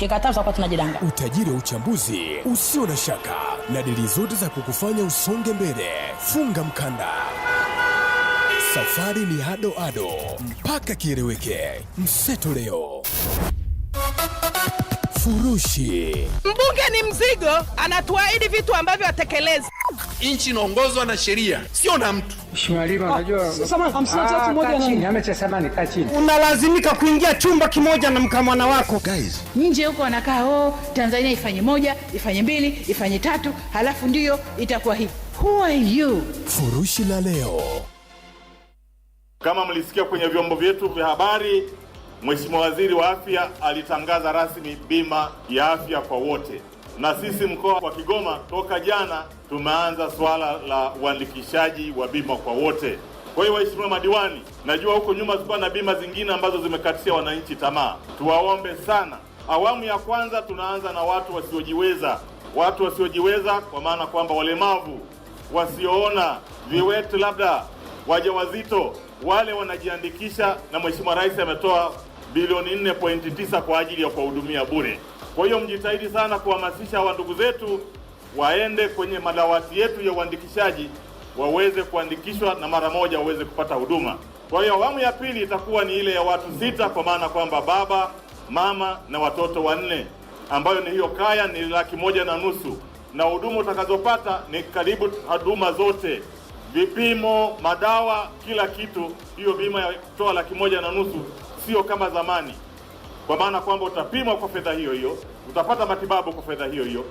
kikataa tutakuwa tunajidanga. Utajiri wa uchambuzi usio na shaka na dili zote za kukufanya usonge mbele. Funga mkanda, safari ni ado ado mpaka kieleweke. Mseto leo Furushi. Mbunge ni mzigo, anatuahidi vitu ambavyo atekelezi. Nchi inaongozwa na sheria, sio na mtu unalazimika kuingia chumba kimoja na mkamwana wako Nje huko wanakaa oh, Tanzania ifanye moja ifanye mbili ifanye tatu, halafu ndiyo itakuwa hii Who are you? Furushi la leo, kama mlisikia kwenye vyombo vyetu vya habari, mweshimua Waziri wa Afya alitangaza rasmi bima ya afya kwa wote, na sisi mkoa wa Kigoma toka jana tumeanza swala la uandikishaji wa bima kwa wote. Kwa hiyo waheshimiwa madiwani, najua huko nyuma zilikuwa na bima zingine ambazo zimekatisha wananchi tamaa. Tuwaombe sana, awamu ya kwanza tunaanza na watu wasiojiweza. Watu wasiojiweza kwa maana kwamba walemavu, wasioona, viwete, labda wajawazito, wale wanajiandikisha, na Mheshimiwa Rais ametoa bilioni 4.9 kwa ajili ya kuwahudumia bure. Kwa hiyo mjitahidi sana kuhamasisha hawa ndugu zetu waende kwenye madawati yetu ya uandikishaji waweze kuandikishwa na mara moja waweze kupata huduma. Kwa hiyo awamu ya pili itakuwa ni ile ya watu sita, kwa maana kwamba baba, mama na watoto wanne, ambayo ni hiyo kaya ni laki moja na nusu, na huduma utakazopata ni karibu huduma zote, vipimo, madawa, kila kitu. Hiyo bima ya kutoa laki moja na nusu sio kama zamani, kwa maana kwamba utapimwa kwa fedha hiyo hiyo, utapata matibabu kwa fedha hiyo hiyo,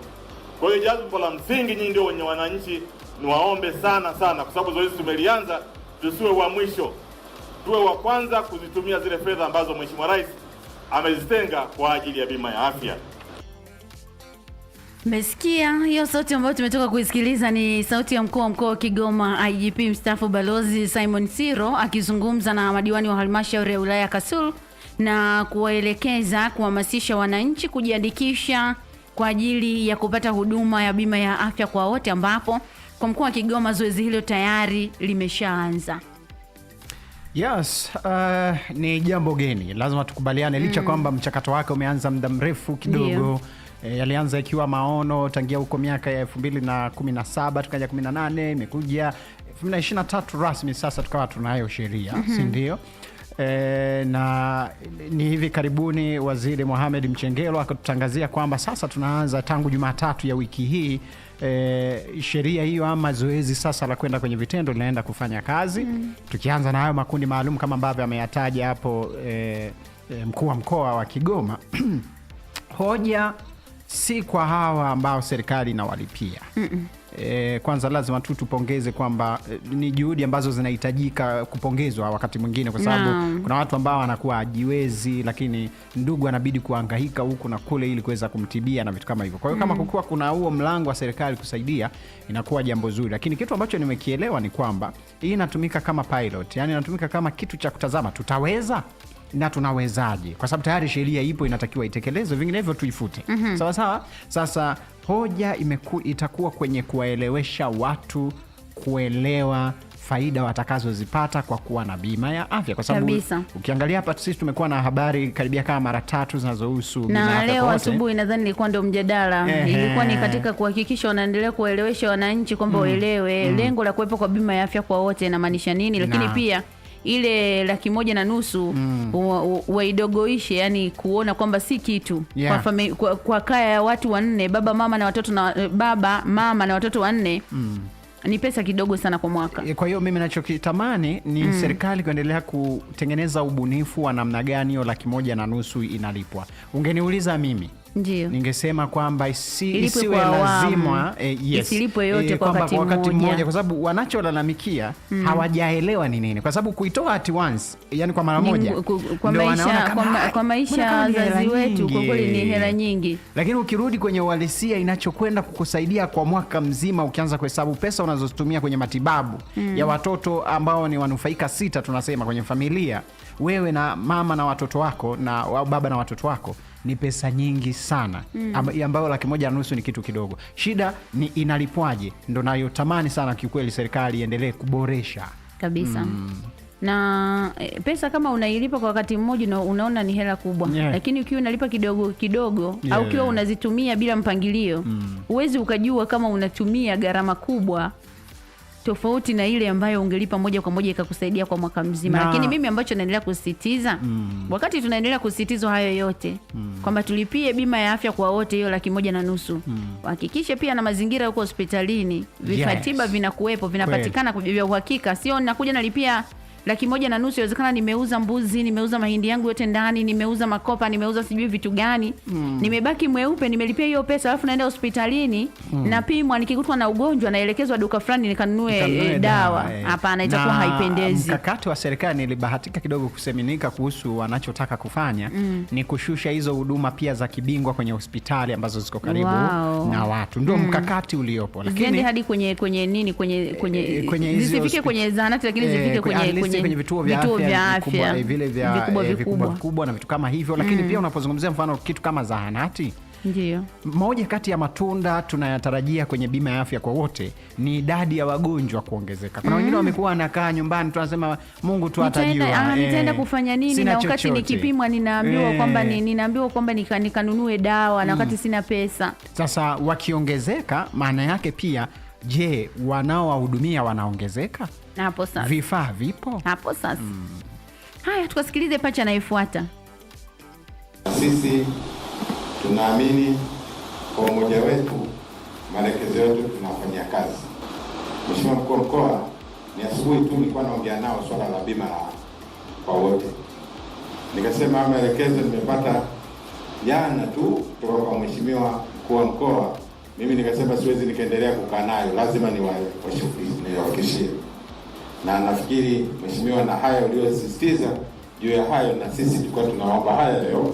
kwa hiyo jambo la msingi, nyinyi ndio wenye wananchi, niwaombe sana sana, kwa sababu zoezi tumelianza, tusiwe wa mwisho, tuwe wa kwanza kuzitumia zile fedha ambazo Mheshimiwa Rais amezitenga kwa ajili ya bima ya afya. mesikia hiyo sauti ambayo tumetoka kuisikiliza, ni sauti ya mkuu wa mkoa wa Kigoma IGP mstaafu Balozi Simon Siro akizungumza na madiwani wa halmashauri ya wilaya ya Kasulu na kuwaelekeza kuhamasisha wananchi kujiandikisha kwa ajili ya kupata huduma ya bima ya afya kwa wote, ambapo kwa mkoa wa Kigoma zoezi hilo tayari limeshaanza. Yes, uh, ni jambo geni, lazima tukubaliane, licha mm, kwamba mchakato wake umeanza muda mrefu kidogo e, yalianza ikiwa maono tangia huko miaka ya 2017 tukaja 18 imekuja 2023 rasmi, sasa tukawa tunayo sheria mm -hmm. si ndio? e, na ni hivi karibuni Waziri Mohamed Mchengelo akatutangazia kwamba sasa tunaanza tangu Jumatatu ya wiki hii e, sheria hiyo ama zoezi sasa la kwenda kwenye vitendo linaenda kufanya kazi mm. Tukianza na hayo makundi maalum kama ambavyo ameyataja hapo e, e, mkuu wa mkoa wa Kigoma hoja si kwa hawa ambao serikali inawalipia mm -mm. E, kwanza lazima tu tupongeze kwamba e, ni juhudi ambazo zinahitajika kupongezwa wakati mwingine, kwa sababu kuna watu ambao wanakuwa ajiwezi lakini ndugu anabidi kuangaika huku na kule ili kuweza kumtibia na vitu kama hivyo. Kwa hiyo kama mm. kukuwa kuna huo mlango wa serikali kusaidia inakuwa jambo zuri, lakini kitu ambacho nimekielewa ni kwamba hii inatumika kama pilot, yani inatumika kama kitu cha kutazama tutaweza na tunawezaje, kwa sababu tayari sheria ipo, inatakiwa itekelezwe, vinginevyo tuifute. mm -hmm. Sawa sawa. Sasa hoja imeku, itakuwa kwenye kuwaelewesha watu kuelewa faida watakazozipata kwa kuwa na bima ya afya, kwa sababu ukiangalia hapa sisi tumekuwa na habari karibia kama mara tatu zinazohusu bima ya afya. Na leo asubuhi nadhani ilikuwa ndio mjadala ilikuwa ni katika kuhakikisha wanaendelea kuwaelewesha wananchi kwamba mm. waelewe mm, mm, lengo la kuwepo kwa bima ya afya kwa wote inamaanisha nini, lakini na, pia ile laki moja na nusu mm. waidogoishe yani, kuona kwamba si kitu yeah. kwa, fami, kwa, kwa kaya ya watu wanne, baba mama na watoto na eh, baba mama na watoto wanne mm ni pesa kidogo sana kwa mwaka. Eh, kwa hiyo mimi nachokitamani ni mm. serikali kuendelea kutengeneza ubunifu wa namna gani hiyo laki moja na nusu inalipwa. Ungeniuliza mimi Ndiyo. Ningesema kwamba isi, isiwe kwa lazima e, yes. Isilipwe yote e, kwa wakati mmoja kwa sababu wanacholalamikia mm. hawajaelewa ni nini, kwa sababu kuitoa at once, yani kwa mara moja, kwa maisha kwa maisha wazazi wetu kwa kweli ni hela nyingi, lakini ukirudi kwenye uhalisia inachokwenda kukusaidia kwa mwaka mzima, ukianza kuhesabu pesa unazozitumia kwenye matibabu mm. ya watoto ambao ni wanufaika sita, tunasema kwenye familia, wewe na mama na watoto wako na baba na watoto wako ni pesa nyingi sana mm. ambayo laki moja na nusu ni kitu kidogo. Shida ni inalipwaje, ndo nayotamani sana kiukweli, serikali iendelee kuboresha kabisa mm. na e, pesa kama unailipa kwa wakati mmoja unaona ni hela kubwa yeah. Lakini ukiwa unalipa kidogo kidogo yeah. au ukiwa unazitumia bila mpangilio mm. uwezi ukajua kama unatumia gharama kubwa tofauti na ile ambayo ungelipa moja kwa moja ikakusaidia kwa mwaka mzima na. Lakini mimi ambacho naendelea kusisitiza mm. wakati tunaendelea kusisitizwa hayo yote mm. kwamba tulipie bima ya afya kwa wote hiyo laki moja na nusu mm. pia na mazingira huko hospitalini vifaa tiba yes. vinakuwepo vinapatikana vya uhakika, sio nakuja nalipia laki moja na nusu inawezekana nimeuza mbuzi, nimeuza mahindi yangu yote ndani, nimeuza makopa, nimeuza sijui vitu gani mm. nimebaki mweupe, nimelipia hiyo pesa, alafu naenda hospitalini mm. napimwa, nikikutwa na ugonjwa naelekezwa duka fulani nikanunue e, dawa. Eh. Hapana, itakuwa haipendezi. Mkakati wa serikali nilibahatika kidogo kuseminika kuhusu wanachotaka kufanya mm. ni kushusha hizo huduma pia za kibingwa kwenye hospitali ambazo ziko karibu wow. na watu, ndio mm. mkakati uliopo, lakini hadi kwenye kwenye nini kwenye kwenye, eh, zisifike kwenye zahanati lakini zifike eh, kwenye kwenye, kwenye vituo vya vituo afya vile vya eh, vikubwa eh, vikubwa na vitu kama hivyo, lakini mm. pia unapozungumzia mfano kitu kama zahanati Ndiyo. Moja kati ya matunda tunayatarajia kwenye bima ya afya kwa wote ni idadi ya wagonjwa kuongezeka. Kuna wengine mm. wamekuwa wanakaa nyumbani, tunasema Mungu tu atajua ah, nitaenda eh, kufanya nini, na wakati nikipimwa ninaambiwa eh. kwamba ninaambiwa kwamba nikanunue dawa na wakati mm. sina pesa. Sasa wakiongezeka, maana yake pia Je, wanaowahudumia wanaongezeka? Hapo sasa. Vifaa vipo? Hapo sasa. Mm. Haya, tukasikilize pacha anayefuata. Sisi tunaamini kwa umoja wetu maelekezo yetu tunafanyia kazi. Mheshimiwa mkuu wa mkoa, ni asubuhi tu nilikuwa naongea nao swala la bima la kwa wote, nikasema maelekezo nimepata jana tu kutoka kwa mweshimiwa mkuu wa mkoa mimi nikasema siwezi nikaendelea kukaa nayo, lazima niwahakikishie, na nafikiri mheshimiwa, na haya uliyosisitiza juu ya hayo, na sisi tulikuwa tunaomba haya leo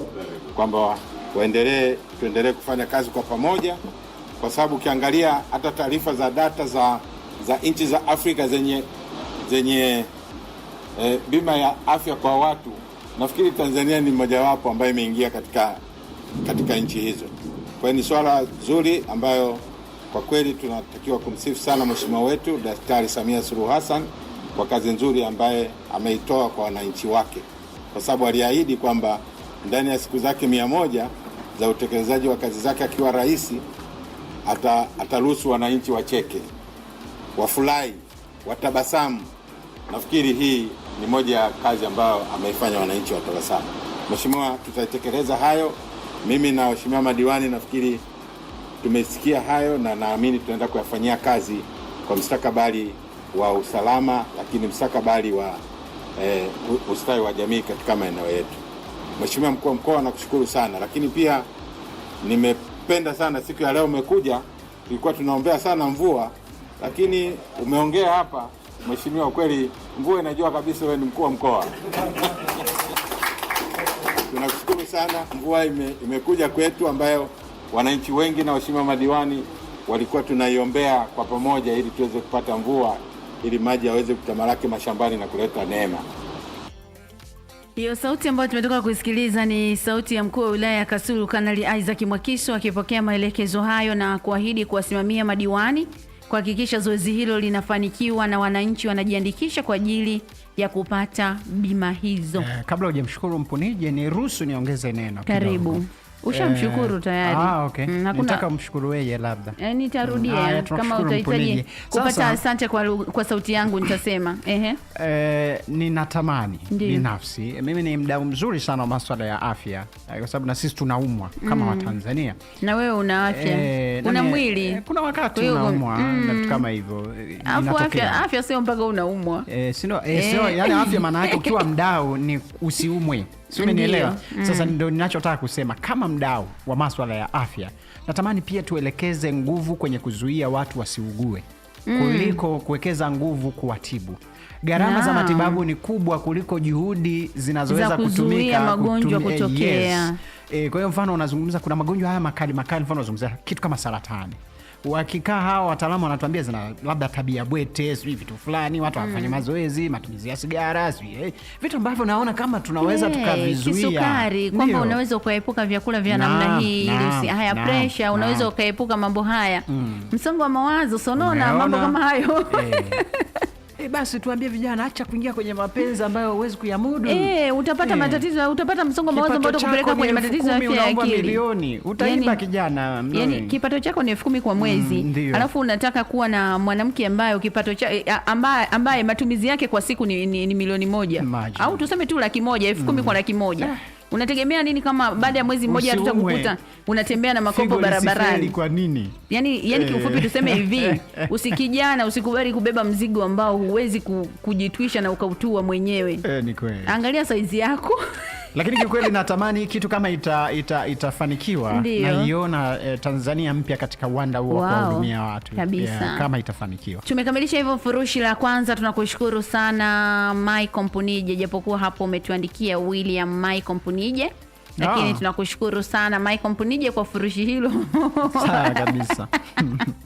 kwamba waendelee, tuendelee kufanya kazi kwa pamoja, kwa sababu ukiangalia hata taarifa za data za za nchi za Afrika zenye zenye e, bima ya afya kwa watu, nafikiri Tanzania ni mojawapo ambayo imeingia katika katika nchi hizo. Kwa hiyo ni swala zuri ambayo kwa kweli tunatakiwa kumsifu sana mheshimiwa wetu Daktari Samia Suluhu Hassan kwa kazi nzuri ambaye ameitoa kwa wananchi wake, kwa sababu aliahidi kwamba ndani ya siku zake mia moja za utekelezaji wa kazi zake akiwa rais ataruhusu wananchi wacheke, wafurahi, watabasamu. Nafikiri hii ni moja ya kazi ambayo ameifanya wananchi watabasamu. Mheshimiwa, tutaitekeleza hayo. Mimi na waheshimiwa madiwani nafikiri tumesikia hayo na naamini tunaenda kuyafanyia kazi kwa mstakabali wa usalama, lakini mstakabali wa eh, ustawi wa jamii katika maeneo yetu. Mheshimiwa mkuu wa mkoa, nakushukuru sana, lakini pia nimependa sana siku ya leo umekuja. Tulikuwa tunaombea sana mvua, lakini umeongea hapa mweshimiwa kweli mvua inajua kabisa huwe ni mkuu wa mkoa tunashukuru sana. Mvua ime, imekuja kwetu ambayo wananchi wengi na waheshimiwa madiwani walikuwa tunaiombea kwa pamoja ili tuweze kupata mvua ili maji yaweze kutamalaki mashambani na kuleta neema. Hiyo sauti ambayo tumetoka kusikiliza ni sauti ya mkuu wa wilaya ya Kasulu Kanali Isaac Mwakiso akipokea maelekezo hayo na kuahidi kuwasimamia madiwani kuhakikisha zoezi hilo linafanikiwa na wananchi wanajiandikisha kwa ajili ya kupata bima hizo. Eh, kabla hujamshukuru mpunije, ruhusu niongeze neno. Karibu kidogo. Ushamshukuru eh, tayari. Ah, okay. Mm, hakuna... mshukuru weye labda. Eh, nitarudia mm, kama utahitaji kupata asante kwa, kwa sauti yangu nitasema. Ehe. Eh, ninatamani binafsi mimi ni mdau mzuri sana wa maswala ya afya eh, kwa sababu na sisi tunaumwa kama mm. Watanzania. Na wewe una afya. E, una mwili. E, kuna wakati unaumwa mm. na vitu kama hivyo. Afya sio mpaka unaumwa. sio yani afya maana yake ukiwa mdau ni usiumwe. Umenielewa? mm. Sasa ninachotaka kusema kama mdao wa maswala ya afya, natamani pia tuelekeze nguvu kwenye kuzuia watu wasiugue mm. kuliko kuwekeza nguvu kuwatibu. Gharama za matibabu ni kubwa kuliko juhudi zinazoweza kutumika magonjwa kutum... Eh, kutokea. Yes. E, kwa hiyo mfano unazungumza kuna magonjwa haya makali makali, mfano unazungumza kitu kama saratani wakikaa hawa wataalamu wanatuambia zina labda tabia bwete, sijui vitu fulani, watu wafanye mm. mazoezi, matumizi ya sigara, sijui eh, vitu ambavyo naona kama tunaweza yeah, tukavizuia. Kisukari kwamba unaweza ukaepuka vyakula vya namna hii, haya pressure, unaweza ukaepuka mambo haya, mm. msongo wa mawazo, sonona, mambo kama hayo eh. E, basi tuambie vijana, acha kuingia kwenye mapenzi ambayo huwezi kuyamudu. E, utapata e, matatizo, utapata msongo wa mawazo ambao utakupeleka kwenye matatizo ya afya ya akili. Milioni yaani, utaiba yani, kijana yaani mnoni. Yani kipato chako ni elfu kumi kwa mwezi mm, alafu unataka kuwa na mwanamke ambaye kipato cha ambaye, ambaye matumizi yake kwa siku ni, ni, ni milioni moja Imagine. au tuseme tu laki moja elfu kumi mm, kwa laki moja Unategemea nini kama baada ya mwezi mmoja tutakukuta unatembea na makopo barabarani? Kwa nini? Yani, yani kiufupi eh. tuseme hivi, usikijana usikubali kubeba mzigo ambao huwezi kujitwisha na ukautua mwenyewe. Eh, ni kweli. Angalia saizi yako lakini kiukweli natamani kitu kama ita, ita, itafanikiwa naiona e, Tanzania mpya katika uwanda huo wa kuhudumia wow, watu kabisa. kama itafanikiwa. Tumekamilisha hivyo furushi la kwanza. Tunakushukuru sana Michael Mpunije, japokuwa hapo umetuandikia William Michael Mpunije lakini no. Ah. Tunakushukuru sana Michael Mpunije kwa furushi hilo kabisa.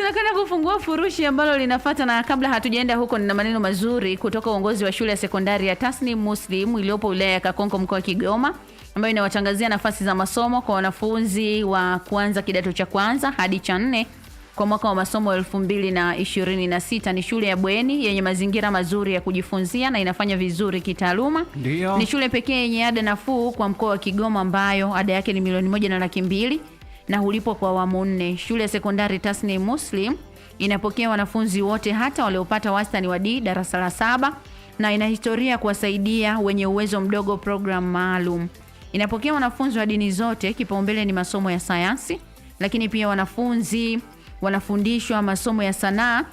Tunakwenda kufungua furushi ambalo linafata na kabla hatujaenda huko, nina maneno mazuri kutoka uongozi wa shule ya sekondari ya tasni Muslim iliyopo wilaya ya Kakonko mkoa wa Kigoma ambayo inawatangazia nafasi za masomo kwa wanafunzi wa kuanza kidato cha kwanza hadi cha nne kwa mwaka wa masomo 2026. Ni shule ya bweni yenye mazingira mazuri ya kujifunzia na inafanya vizuri kitaaluma. Ni shule pekee yenye ada nafuu kwa mkoa wa Kigoma ambayo ada yake ni milioni moja na laki mbili na hulipwa kwa awamu nne. Shule ya sekondari Tasni Muslim inapokea wanafunzi wote hata waliopata wastani wa D darasa la saba na ina historia kuwasaidia wenye uwezo mdogo programu maalum. Inapokea wanafunzi wa dini zote, kipaumbele ni masomo ya sayansi, lakini pia wanafunzi wanafundishwa masomo ya sanaa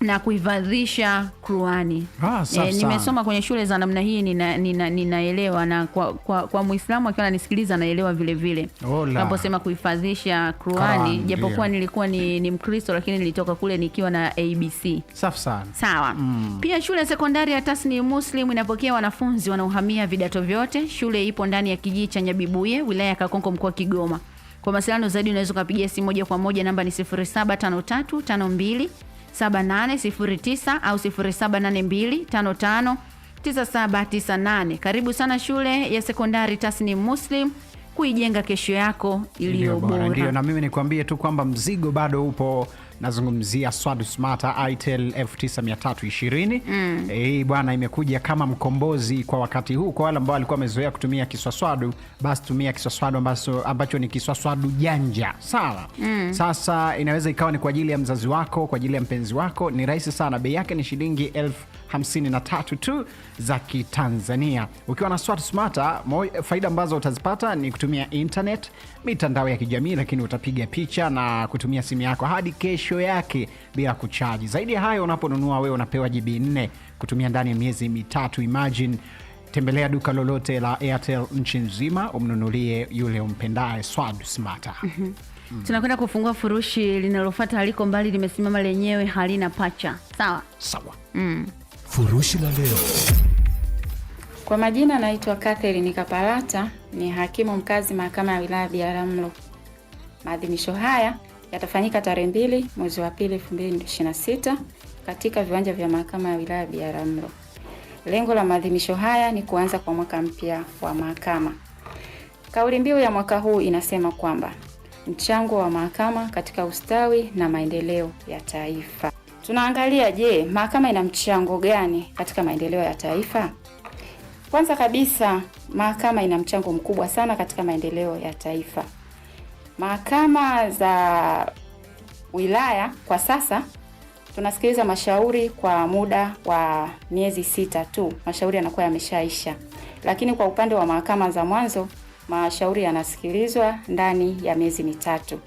na kuivadhisha kruani. Ah, e, nimesoma kwenye shule za namna hii ninaelewa nina, nina, na kwa, kwa, kwa Muislamu akiwa ananisikiliza anaelewa vile vile naposema kuifadhisha kruani, japokuwa nilikuwa ni, ni Mkristo lakini nilitoka kule nikiwa na ABC. Safi sana. Sawa. Mm. Pia shule ya sekondari ya Tasni Muslim inapokea wanafunzi wanaohamia vidato vyote. Shule ipo ndani ya kijiji cha Nyabibuye, wilaya ya Kakonko, mkoa wa Kigoma. Kwa mawasiliano zaidi unaweza ukapigia simu moja kwa moja, namba ni 075352 7809 au 0782559798. Karibu sana shule ya sekondari Tasnim Muslim kuijenga kesho yako iliyo bora. Ndio, na mimi nikwambie tu kwamba mzigo bado upo nazungumzia Swadu Smata Itel 9320. Mm. Hii eh, bwana imekuja kama mkombozi kwa wakati huu kwa wale ambao walikuwa wamezoea kutumia kiswaswadu, basi tumia kiswaswadu ambacho, ambacho ni kiswaswadu janja. Sawa. Mm. Sasa inaweza ikawa ni kwa ajili ya mzazi wako, kwa ajili ya mpenzi wako, ni rahisi sana. Bei yake ni shilingi elfu 53 tu za Kitanzania. Ukiwa na Swat Smarta, faida ambazo utazipata ni kutumia internet, mitandao ya kijamii, lakini utapiga picha na kutumia simu yako hadi kesho yake bila kuchaji. Zaidi ya hayo, unaponunua wewe unapewa jb 4 kutumia ndani ya miezi mitatu. Imagine Tembelea duka lolote la Airtel nchi nzima umnunulie yule umpendaye Swad smata mm -hmm. mm. Tunakwenda kufungua furushi linalofata aliko mbali, limesimama lenyewe, halina pacha. Sawa sawa. mm. Furushi la leo. Kwa majina naitwa Catherine Kapalata, ni hakimu mkazi mahakama ya wilaya ya Biharamulo. Maadhimisho haya yatafanyika tarehe mbili mwezi wa pili sita katika viwanja vya mahakama ya wilaya ya Biharamulo. Lengo la maadhimisho haya ni kuanza kwa mwaka mpya wa mahakama. Kauli mbiu ya mwaka huu inasema kwamba mchango wa mahakama katika ustawi na maendeleo ya taifa tunaangalia je, mahakama ina mchango gani katika maendeleo ya taifa? Kwanza kabisa, mahakama ina mchango mkubwa sana katika maendeleo ya taifa. Mahakama za wilaya kwa sasa tunasikiliza mashauri kwa muda wa miezi sita tu, mashauri yanakuwa yameshaisha. Lakini kwa upande wa mahakama za mwanzo, mashauri yanasikilizwa ndani ya miezi mitatu.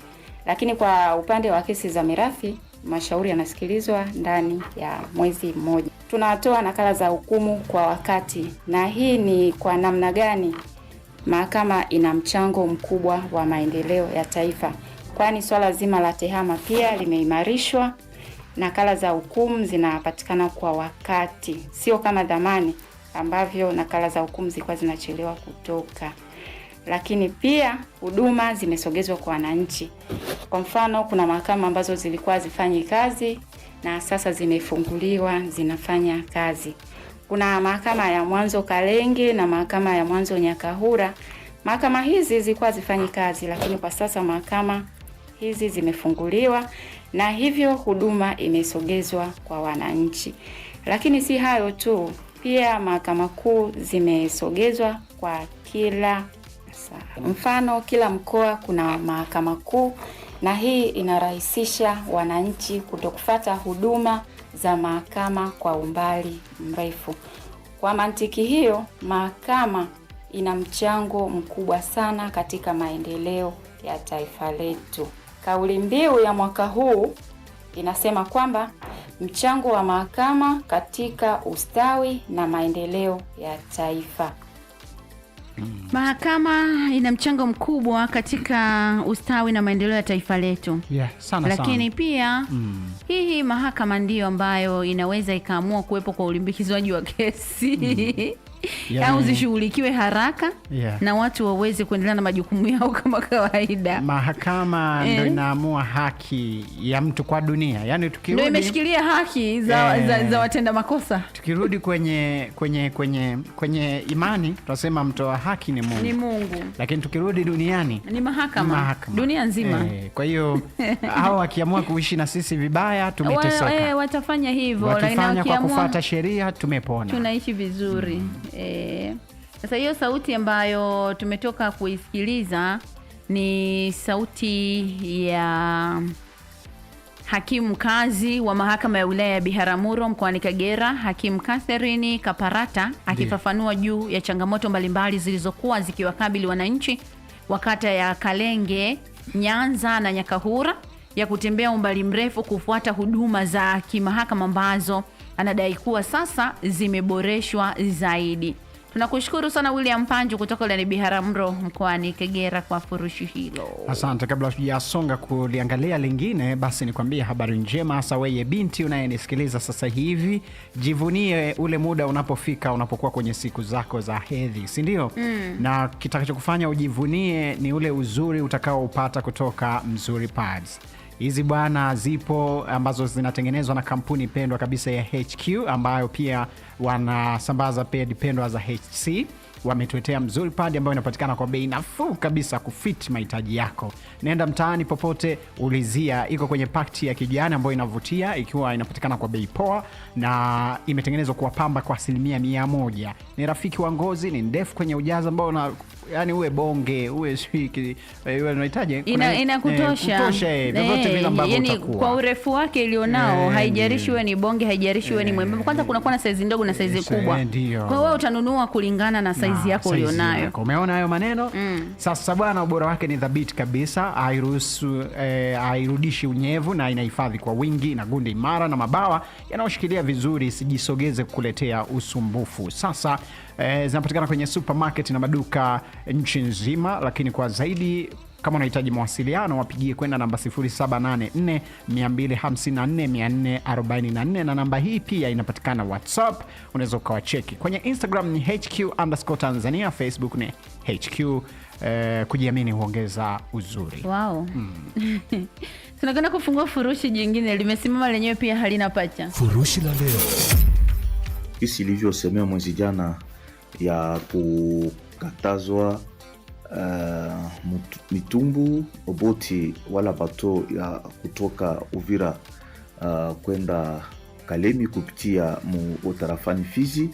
Lakini kwa upande wa kesi za mirathi mashauri yanasikilizwa ndani ya mwezi mmoja. Tunatoa nakala za hukumu kwa wakati, na hii ni kwa namna gani mahakama ina mchango mkubwa wa maendeleo ya taifa, kwani swala zima la tehama pia limeimarishwa. Nakala za hukumu zinapatikana kwa wakati, sio kama dhamani ambavyo nakala za hukumu zilikuwa zinachelewa kutoka lakini pia huduma zimesogezwa kwa wananchi. Kwa mfano, kuna mahakama ambazo zilikuwa hazifanyi kazi na sasa zimefunguliwa zinafanya kazi. Kuna mahakama ya mwanzo Kalenge na mahakama ya mwanzo Nyakahura. Mahakama hizi zilikuwa hazifanyi kazi, lakini kwa sasa mahakama hizi zimefunguliwa na hivyo huduma imesogezwa kwa wananchi. Lakini si hayo tu, pia mahakama kuu zimesogezwa kwa kila sasa. Mfano, kila mkoa kuna mahakama kuu, na hii inarahisisha wananchi kutokufata huduma za mahakama kwa umbali mrefu. Kwa mantiki hiyo, mahakama ina mchango mkubwa sana katika maendeleo ya taifa letu. Kauli mbiu ya mwaka huu inasema kwamba mchango wa mahakama katika ustawi na maendeleo ya taifa. Mahakama ina mchango mkubwa katika ustawi na maendeleo ya taifa letu. Yeah, sana lakini sana. Pia mm. hii hii mahakama ndiyo ambayo inaweza ikaamua kuwepo kwa ulimbikizwaji wa kesi mm. yeah. au zishughulikiwe haraka yeah. na watu waweze kuendelea na majukumu yao kama kawaida. Mahakama eh. ndio inaamua haki ya mtu kwa dunia, yani tukirudi imeshikilia haki za, eh, za, za watenda makosa. Tukirudi kwenye kwenye kwenye kwenye imani tunasema mtoa haki ni Mungu, ni Mungu, lakini tukirudi duniani ni mahakama, ni mahakama dunia nzima eh, kwa hiyo hao wakiamua kuishi na sisi vibaya tumeteseka, wa, eh, watafanya hivyo, lakini wakiamua kufuata sheria tumepona, tunaishi vizuri mm. E, sasa hiyo sauti ambayo tumetoka kuisikiliza ni sauti ya hakimu kazi wa mahakama ya wilaya ya Biharamulo mkoani Kagera, hakimu Catherine Kaparata akifafanua juu ya changamoto mbalimbali zilizokuwa zikiwakabili wananchi wa kata ya Kalenge, Nyanza na Nyakahura ya kutembea umbali mrefu kufuata huduma za kimahakama ambazo anadai kuwa sasa zimeboreshwa zaidi. Tunakushukuru sana William Panju kutoka ulani ni Biharamulo mkoani Kagera kwa furushi hilo. Asante. Kabla hatujasonga kuliangalia lingine, basi nikwambie habari njema, hasa weye binti unayenisikiliza sasa hivi, jivunie ule muda unapofika, unapokuwa kwenye siku zako za hedhi, si ndio? Mm. Na kitakachokufanya ujivunie ni ule uzuri utakaoupata kutoka Mzuri Pads hizi bwana zipo ambazo zinatengenezwa na kampuni pendwa kabisa ya HQ ambayo pia wanasambaza pedi pendwa za HC Wametuetea mzuri padi ambayo inapatikana kwa bei nafuu kabisa kufit mahitaji yako. Nenda mtaani popote, ulizia. Iko kwenye pakti ya kijani ambayo inavutia, ikiwa inapatikana kwa bei poa na imetengenezwa kuwapamba kwa asilimia mia moja. Ni rafiki wa ngozi, ni ndefu kwenye ujazo ambao yani uwe bonge uwe sijui eh, unahitaji inakutosha eh, eh, yani kwa urefu wake ilionao, haijarishi uwe ni bonge, haijarishi uwe ni mwembamba. Kwanza kunakuwa na saizi ndogo na saizi kubwa, kwa hiyo wewe utanunua kulingana na saizi ah, yako ulionayo. Umeona hayo maneno? Mm. Sasa bwana, ubora wake ni thabiti kabisa, hairuhusu airudishi unyevu na inahifadhi kwa wingi na gundi imara na mabawa yanayoshikilia vizuri, sijisogeze kukuletea usumbufu. Sasa e, zinapatikana kwenye supermarket na maduka nchi nzima, lakini kwa zaidi kama unahitaji mawasiliano wapigie kwenda namba 0784 254 444 na namba hii pia inapatikana WhatsApp, unaweza ukawacheki. Kwenye Instagram ni HQ underscore Tanzania, Facebook ni HQ. Eh, kujiamini huongeza uzuri. Wow. Mm. tunakenda kufungua furushi jingine, limesimama lenyewe pia halina pacha. Furushi la leo, jinsi ilivyosemewa mwezi jana ya kukatazwa uh, mitumbu oboti wala bato ya kutoka Uvira uh, kwenda Kalemi kupitia mu Fizi.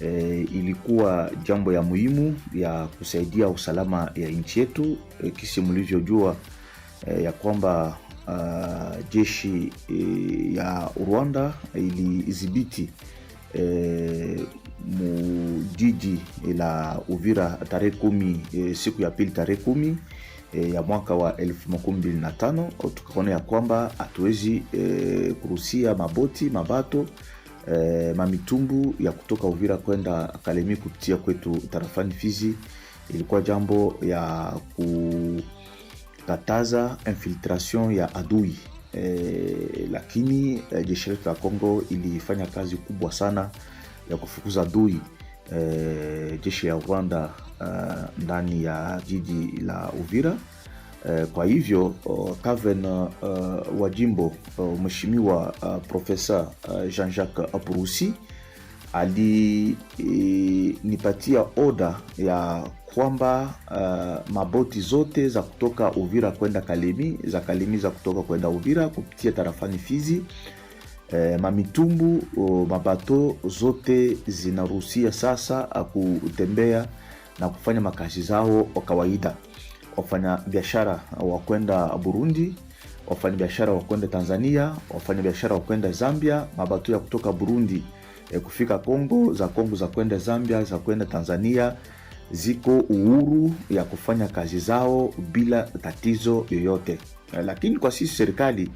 E, ilikuwa jambo ya muhimu ya kusaidia usalama ya nchi yetu e, kisi mlivyojua e, ya kwamba uh, jeshi e, ya Rwanda ilizibiti e, mujiji eh, la Uvira tarehe kumi e, siku ya pili tarehe kumi e, ya mwaka wa elfu makumi mbili na tano tukaona ya kwamba hatuwezi e, kurusia maboti mabato e, mamitumbu ya kutoka Uvira kwenda Kalemi kupitia kwetu tarafani Fizi. Ilikuwa jambo ya kukataza infiltration ya adui e, lakini e, jeshi letu la Kongo ilifanya kazi kubwa sana ya kufukuza dui e, eh, jeshi ya Rwanda eh, ndani ya jiji la Uvira. E, kwa hivyo Kaven uh, wa jimbo uh, mheshimiwa uh, profesa uh, Jean-Jacques Apurusi alinipatia e, oda ya kwamba uh, maboti zote za kutoka Uvira kwenda Kalemi, za Kalemi za kutoka kwenda Uvira kupitia tarafani Fizi Eh, mamitumbu mabato zote zinaruhusia sasa kutembea na kufanya makazi zao wa kawaida. Wafanya biashara wa kwenda Burundi, wafanya biashara wa kwenda Tanzania, wafanya biashara wa kwenda Zambia, mabato ya kutoka Burundi e, kufika Kongo, za Kongo za kwenda Zambia, za kwenda Tanzania ziko uhuru ya kufanya kazi zao bila tatizo yoyote, eh, lakini kwa sisi serikali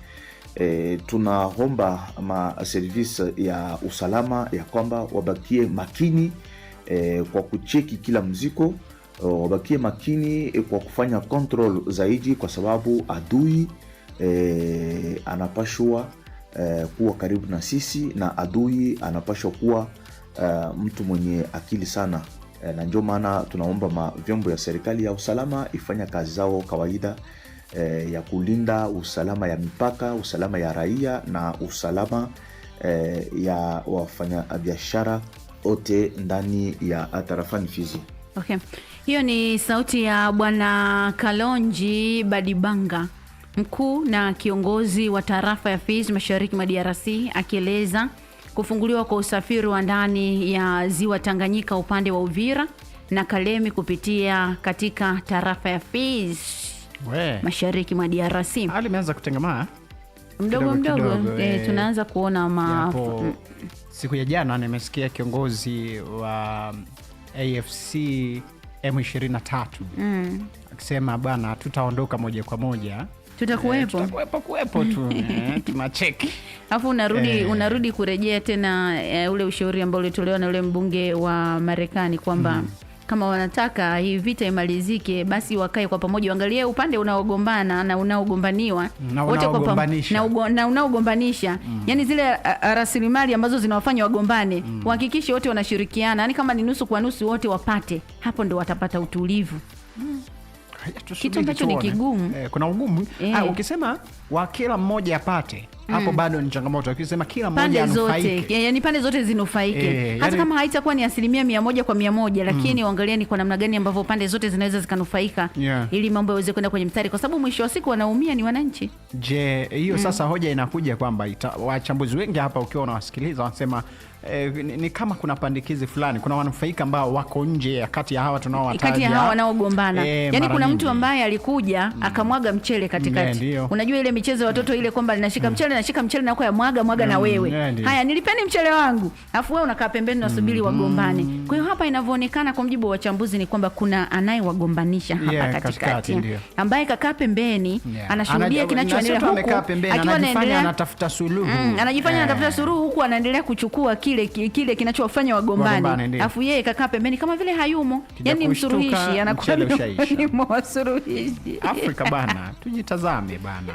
E, tunaomba maservisi ya usalama ya kwamba wabakie makini e, kwa kucheki kila mziko e, wabakie makini e, kwa kufanya control zaidi, kwa sababu adui e, anapashwa e, kuwa karibu na sisi na adui anapashwa kuwa e, mtu mwenye akili sana e, na ndio maana tunaomba vyombo ya serikali ya usalama ifanya kazi zao kawaida eh, ya kulinda usalama ya mipaka, usalama ya raia na usalama eh, ya wafanyabiashara wote ndani ya tarafani Fizi. Okay. Hiyo ni sauti ya Bwana Kalonji Badibanga, mkuu na kiongozi wa tarafa ya Fizi mashariki mwa DRC akieleza kufunguliwa kwa usafiri wa ndani ya ziwa Tanganyika upande wa Uvira na Kalemi kupitia katika tarafa ya Fizi we, mashariki mwa DRC hali imeanza kutengemaa eh? mdogo mdogo, mdogo e, eh, eh. tunaanza kuona ma... Mm. siku ya jana nimesikia kiongozi wa mm, AFC M23 mm. akisema bana, tutaondoka moja kwa moja tutakuwepo tuta kuwepo tu tunacheki, alafu unarudi e. unarudi kurejea tena e, ule ushauri ambao ulitolewa na ule mbunge wa Marekani kwamba mm kama wanataka hii vita imalizike, basi wakae kwa pamoja, waangalie upande unaogombana na unaogombaniwa wote na unaogombanisha mm. Yani zile rasilimali ambazo zinawafanya wagombane mm. Wahakikishe wote wanashirikiana, yani kama ni nusu kwa nusu, wote wapate. Hapo ndo watapata utulivu mm kitu ambacho ni kigumu eh, kuna ugumu eh. Ah, ukisema wa kila mmoja apate mm. hapo mm. Bado ni changamoto, akisema kila mmoja anufaike, yani pande zote zinufaike e, hata yani... kama haitakuwa ni asilimia mia moja kwa mia moja mm. lakini mm. uangalia ni kwa namna gani ambavyo pande zote zinaweza zikanufaika yeah. Ili mambo yaweze kwenda kwenye mstari, kwa sababu mwisho wa siku wanaumia ni wananchi. Je, hiyo mm. Sasa hoja inakuja kwamba wachambuzi wengi hapa ukiwa unawasikiliza wanasema eh, ni, ni kama kuna pandikizi fulani, kuna wanufaika ambao wako nje ya kati ya hawa tunaowataja, kati ya hawa wanaogombana eh, yani kuna mtu ambaye alikuja mm. akamwaga mchele katikati yeah, unajua ile michezo ya watoto mm. ile kwamba linashika mm. mchele nashika mchele na kwa mwaga mwaga mm. na wewe yeah, haya nilipeni mchele wangu, afu wewe unakaa pembeni unasubiri mm, mm. wagombane. Kwa hiyo hapa inavyoonekana kwa mjibu wa wachambuzi ni kwamba kuna anayewagombanisha hapa yeah, katikati, kati, ambaye kakaa pembeni yeah. anashuhudia kinachoendelea huku akiwa anaendelea anatafuta suluhu, mm, anajifanya anatafuta suluhu huku anaendelea kuchukua kile kile kile kinachowafanya wagombane, afu yeye kakaa pembeni kama vile hayumo, yani msuruhishi, anakuwa ni Afrika bana, tujitazame bana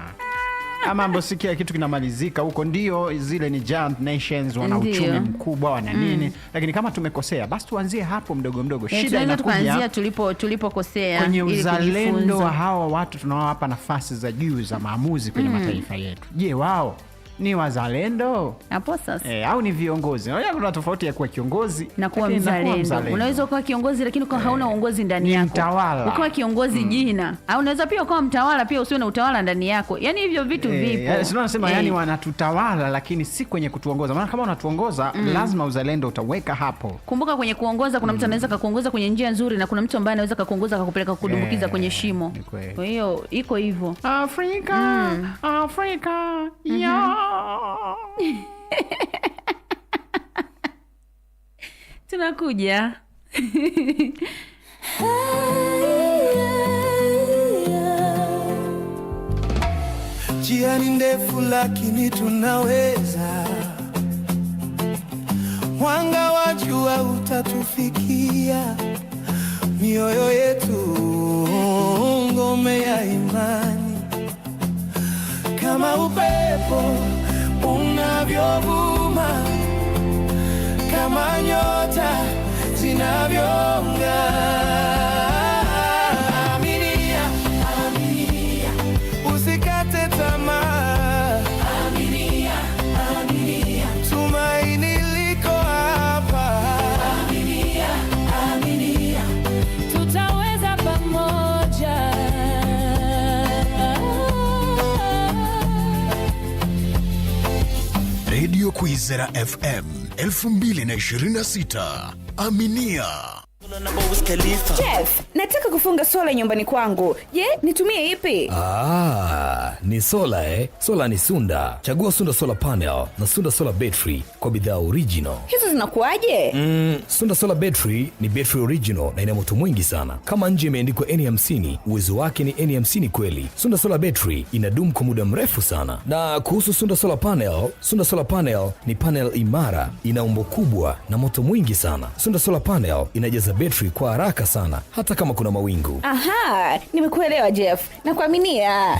ah, mambo sikia, kitu kinamalizika huko, ndio zile ni giant nations, wana uchumi mkubwa wana mm. nini mm. Lakini kama tumekosea basi tuanzie hapo mdogo mdogo, eh, shida inakuja tulipo tulipokosea kwenye uzalendo wa hawa watu tunaowapa nafasi za juu za maamuzi kwenye mm. mataifa yetu. Je, wao ni wazalendo hapo sasa e, au ni viongozi. Naona kuna tofauti ya kuwa kiongozi na kuwa mzalendo. Unaweza kuwa kiongozi lakini ukawa eh, hauna uongozi ndani yako, mtawala ukawa kiongozi mm. jina, au unaweza pia ukawa mtawala pia usiwe na utawala ndani yako, yani hivyo vitu e, vipo. Yaani Sio nasema e. yani wanatutawala lakini si kwenye kutuongoza, maana kama unatuongoza mm. lazima uzalendo utaweka hapo. Kumbuka kwenye kuongoza kuna mm. mtu anaweza kukuongoza kwenye njia nzuri na kuna mtu ambaye anaweza kukuongoza akakupeleka kudumbukiza e. kwenye shimo. Kwa hiyo iko hivyo Afrika, mm. Afrika, yeah. mm -hmm. tunakuja. jiani ni ndefu lakini tunaweza, mwanga wa jua utatufikia. Mioyo yetu ngome ya imani, kama upepo zinavyovuma kama nyota zinavyong'aa. Kwizera FM 2026. Aminia. Chef, nataka kufunga sola nyumbani kwangu. Je, nitumie ipi? Ah, ni sola eh. Sola ni Sunda. Chagua Sunda Solar Panel na Sunda Solar Battery kwa bidhaa original. Hizo zinakuaje? Mm, Sunda Solar Battery ni battery original na ina moto mwingi sana. Kama nje imeandikwa N50, e uwezo wake ni N50 e kweli. Sunda Solar Battery inadumu kwa muda mrefu sana. Na kuhusu Sunda Solar Panel, Sunda Solar Panel ni panel imara, ina umbo kubwa na moto mwingi sana. Sunda Solar Panel inajaza betri kwa haraka sana hata kama kuna mawingu. Aha, nimekuelewa Jeff, nakuaminia.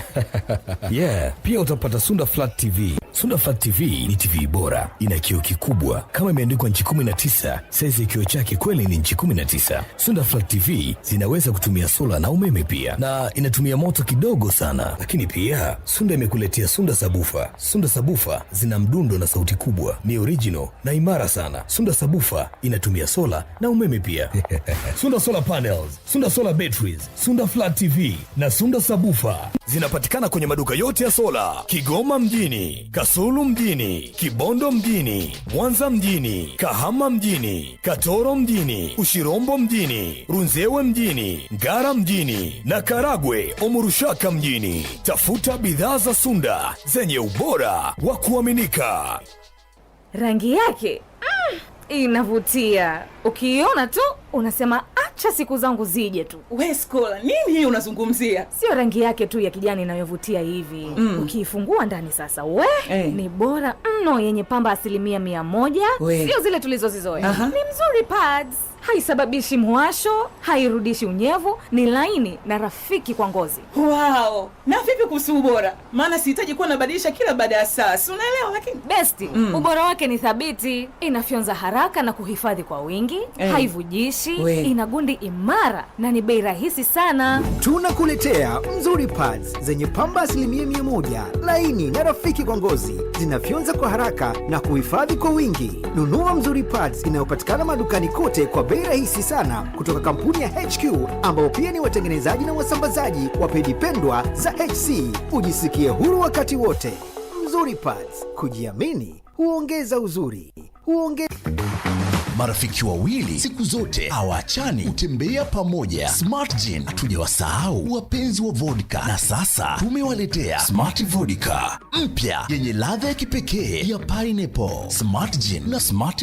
Yeah, pia utapata Sunda Flat TV Sunda TV ni TV bora, ina kio kikubwa kama imeandikwa nchi 19. Saizi ya kio chake kweli ni nchi 19. Sunda TV zinaweza kutumia sola na umeme pia, na inatumia moto kidogo sana, lakini pia Sunda imekuletea Sunda Sabufa. Sunda Sabufa zina mdundo na sauti kubwa, ni original na imara sana. Sunda Sabufa inatumia sola na umeme pia. Sunda Solar Panels, Sunda Solar Batteries, Sunda Flat TV na Sunda Sabufa zinapatikana kwenye maduka yote ya sola Kigoma mjini. Kasulu mjini, Kibondo mjini, Mwanza mjini, Kahama mjini, Katoro mjini, Ushirombo mjini, Runzewe mjini, Ngara mjini na Karagwe Omurushaka mjini. Tafuta bidhaa za Sunda zenye ubora wa kuaminika. Rangi yake ah, inavutia. Ukiiona tu unasema acha siku zangu zije tu. We Skola, nini hii unazungumzia? Sio rangi yake tu ya kijani inayovutia hivi mm. Ukiifungua ndani sasa, we hey. Eh. Ni bora mno, yenye pamba asilimia mia moja, sio zile tulizozizoe uh -huh. Ni mzuri pads haisababishi mwasho, hairudishi unyevu, ni laini na rafiki kwa ngozi. Wow. na vipi kuhusu ubora, maana sihitaji kuwa nabadilisha kila baada ya saa, si unaelewa? Lakini besti mm. ubora wake ni thabiti, inafyonza haraka na kuhifadhi kwa wingi hey. Eh. Haivujishi, ina gundi imara na ni bei rahisi sana. Tunakuletea Mzuri Pads zenye pamba asilimia mia moja, laini na rafiki kwa ngozi, zinafyonza kwa haraka na kuhifadhi kwa wingi. Nunua Mzuri Pads inayopatikana madukani kote kwa bei rahisi sana kutoka kampuni ya HQ ambao pia ni watengenezaji na wasambazaji wa pedi pendwa za HC hii ujisikie huru wakati wote. Mzuri Pads, kujiamini huongeza uzuri, huonge... Marafiki wawili siku zote hawachani, hutembea pamoja. Smart Gin hatujawasahau wapenzi wa vodka, na sasa tumewaletea Smart Vodka mpya yenye ladha ya kipekee ya pineapple. Smart Gin na Smart